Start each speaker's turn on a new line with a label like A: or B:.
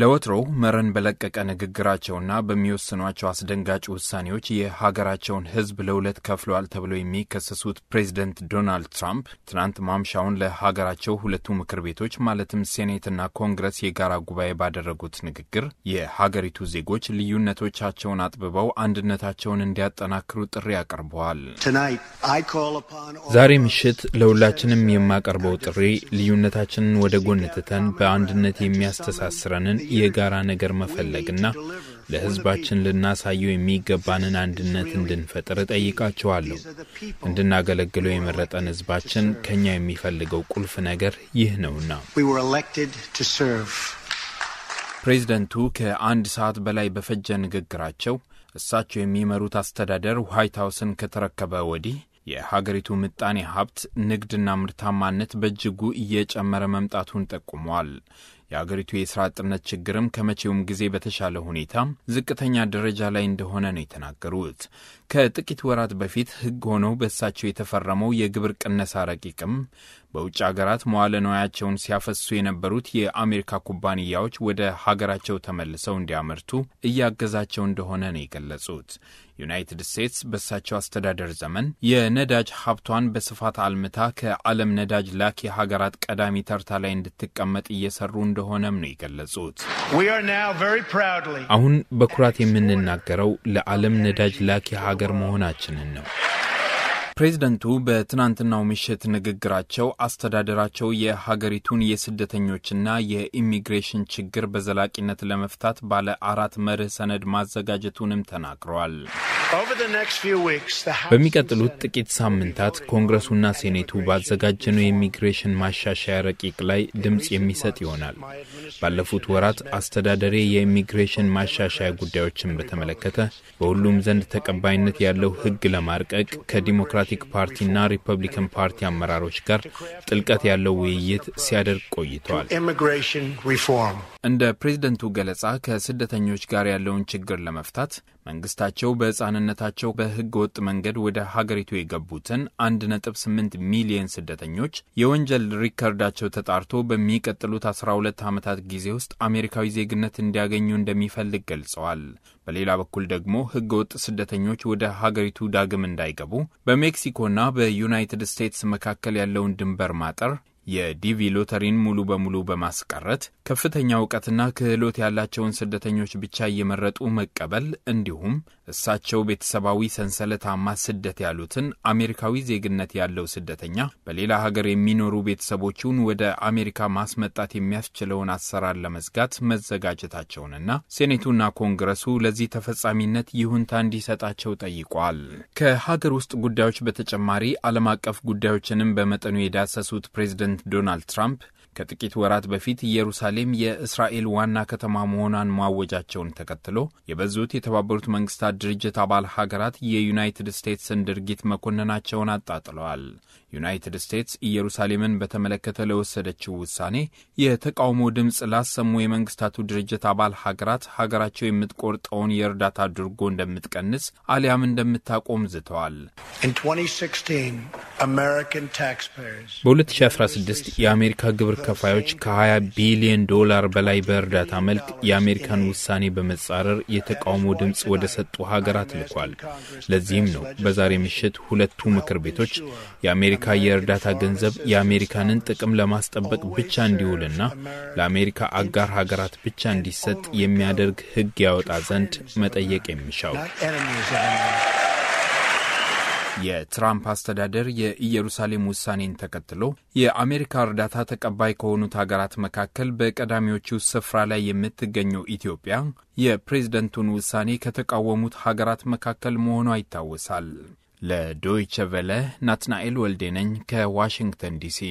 A: ለወትሮው መረን በለቀቀ ንግግራቸውና በሚወስኗቸው አስደንጋጭ ውሳኔዎች የሀገራቸውን ሕዝብ ለሁለት ከፍለዋል ተብለው የሚከሰሱት ፕሬዚደንት ዶናልድ ትራምፕ ትናንት ማምሻውን ለሀገራቸው ሁለቱ ምክር ቤቶች ማለትም ሴኔትና ኮንግረስ የጋራ ጉባኤ ባደረጉት ንግግር የሀገሪቱ ዜጎች ልዩነቶቻቸውን አጥብበው አንድነታቸውን እንዲያጠናክሩ ጥሪ አቅርበዋል። ዛሬ ምሽት ለሁላችንም የማቀርበው ጥሪ ልዩነታችንን ወደ ጎን ትተን በአንድነት የሚያስተሳስረንን የጋራ ነገር መፈለግና ለሕዝባችን ልናሳየው የሚገባንን አንድነት እንድንፈጥር እጠይቃችኋለሁ። እንድናገለግለው የመረጠን ሕዝባችን ከእኛ የሚፈልገው ቁልፍ ነገር ይህ ነውና። ፕሬዚደንቱ ከአንድ ሰዓት በላይ በፈጀ ንግግራቸው እሳቸው የሚመሩት አስተዳደር ዋይት ሀውስን ከተረከበ ወዲህ የሀገሪቱ ምጣኔ ሀብት ንግድና ምርታማነት በእጅጉ እየጨመረ መምጣቱን ጠቁመዋል። የአገሪቱ የስራ አጥነት ችግርም ከመቼውም ጊዜ በተሻለ ሁኔታ ዝቅተኛ ደረጃ ላይ እንደሆነ ነው የተናገሩት። ከጥቂት ወራት በፊት ሕግ ሆነው በእሳቸው የተፈረመው የግብር ቅነሳ ረቂቅም በውጭ አገራት መዋለ ንዋያቸውን ሲያፈሱ የነበሩት የአሜሪካ ኩባንያዎች ወደ ሀገራቸው ተመልሰው እንዲያመርቱ እያገዛቸው እንደሆነ ነው የገለጹት። ዩናይትድ ስቴትስ በሳቸው አስተዳደር ዘመን የነዳጅ ሀብቷን በስፋት አልምታ ከዓለም ነዳጅ ላኪ ሀገራት ቀዳሚ ተርታ ላይ እንድትቀመጥ እየሰሩ እንደሆነም ነው የገለጹት። አሁን በኩራት የምንናገረው ለዓለም ነዳጅ ላኪ ሀገር መሆናችንን ነው። ፕሬዝደንቱ በትናንትናው ምሽት ንግግራቸው አስተዳደራቸው የሀገሪቱን የስደተኞችና የኢሚግሬሽን ችግር በዘላቂነት ለመፍታት ባለ አራት መርህ ሰነድ ማዘጋጀቱንም ተናግረዋል። በሚቀጥሉት ጥቂት ሳምንታት ኮንግረሱና ሴኔቱ ባዘጋጀነው የኢሚግሬሽን ማሻሻያ ረቂቅ ላይ ድምፅ የሚሰጥ ይሆናል። ባለፉት ወራት አስተዳደሬ የኢሚግሬሽን ማሻሻያ ጉዳዮችን በተመለከተ በሁሉም ዘንድ ተቀባይነት ያለው ሕግ ለማርቀቅ ከዲሞክራ ዲሞክራቲክ ፓርቲና ሪፐብሊካን ፓርቲ አመራሮች ጋር ጥልቀት ያለው ውይይት ሲያደርግ ቆይተዋል። እንደ ፕሬዝደንቱ ገለጻ ከስደተኞች ጋር ያለውን ችግር ለመፍታት መንግስታቸው በሕፃንነታቸው በሕገ ወጥ መንገድ ወደ ሀገሪቱ የገቡትን 1.8 ሚሊየን ስደተኞች የወንጀል ሪከርዳቸው ተጣርቶ በሚቀጥሉት 12 ዓመታት ጊዜ ውስጥ አሜሪካዊ ዜግነት እንዲያገኙ እንደሚፈልግ ገልጸዋል። በሌላ በኩል ደግሞ ሕገ ወጥ ስደተኞች ወደ ሀገሪቱ ዳግም እንዳይገቡ በሜክሲኮና በዩናይትድ ስቴትስ መካከል ያለውን ድንበር ማጠር የዲቪ ሎተሪን ሙሉ በሙሉ በማስቀረት ከፍተኛ እውቀትና ክህሎት ያላቸውን ስደተኞች ብቻ እየመረጡ መቀበል እንዲሁም እሳቸው ቤተሰባዊ ሰንሰለታማ ስደት ያሉትን አሜሪካዊ ዜግነት ያለው ስደተኛ በሌላ ሀገር የሚኖሩ ቤተሰቦቹን ወደ አሜሪካ ማስመጣት የሚያስችለውን አሰራር ለመዝጋት መዘጋጀታቸውንና ሴኔቱና ኮንግረሱ ለዚህ ተፈጻሚነት ይሁንታ እንዲሰጣቸው ጠይቋል። ከሀገር ውስጥ ጉዳዮች በተጨማሪ ዓለም አቀፍ ጉዳዮችንም በመጠኑ የዳሰሱት ፕሬዚደንት ፕሬዝዳንት ዶናልድ ትራምፕ ከጥቂት ወራት በፊት ኢየሩሳሌም የእስራኤል ዋና ከተማ መሆኗን ማወጃቸውን ተከትሎ የበዙት የተባበሩት መንግስታት ድርጅት አባል ሀገራት የዩናይትድ ስቴትስን ድርጊት መኮንናቸውን አጣጥለዋል። ዩናይትድ ስቴትስ ኢየሩሳሌምን በተመለከተ ለወሰደችው ውሳኔ የተቃውሞ ድምፅ ላሰሙ የመንግስታቱ ድርጅት አባል ሀገራት ሀገራቸው የምትቆርጠውን የእርዳታ ድርጎ እንደምትቀንስ አሊያም እንደምታቆም ዝተዋል። በ2016 የአሜሪካ ግብር ከፋዮች ከ20 ቢሊዮን ዶላር በላይ በእርዳታ መልክ የአሜሪካን ውሳኔ በመጻረር የተቃውሞ ድምፅ ወደ ሰጡ ሀገራት ልኳል። ለዚህም ነው በዛሬ ምሽት ሁለቱ ምክር ቤቶች የአሜሪካ የእርዳታ ገንዘብ የአሜሪካንን ጥቅም ለማስጠበቅ ብቻ እንዲውልና ለአሜሪካ አጋር ሀገራት ብቻ እንዲሰጥ የሚያደርግ ሕግ ያወጣ ዘንድ መጠየቅ የሚሻው የትራምፕ አስተዳደር የኢየሩሳሌም ውሳኔን ተከትሎ የአሜሪካ እርዳታ ተቀባይ ከሆኑት ሀገራት መካከል በቀዳሚዎቹ ስፍራ ላይ የምትገኘው ኢትዮጵያ የፕሬዝደንቱን ውሳኔ ከተቃወሙት ሀገራት መካከል መሆኗ ይታወሳል። ለዶይቸ ቬለ ናትናኤል ወልዴነኝ ከዋሽንግተን ዲሲ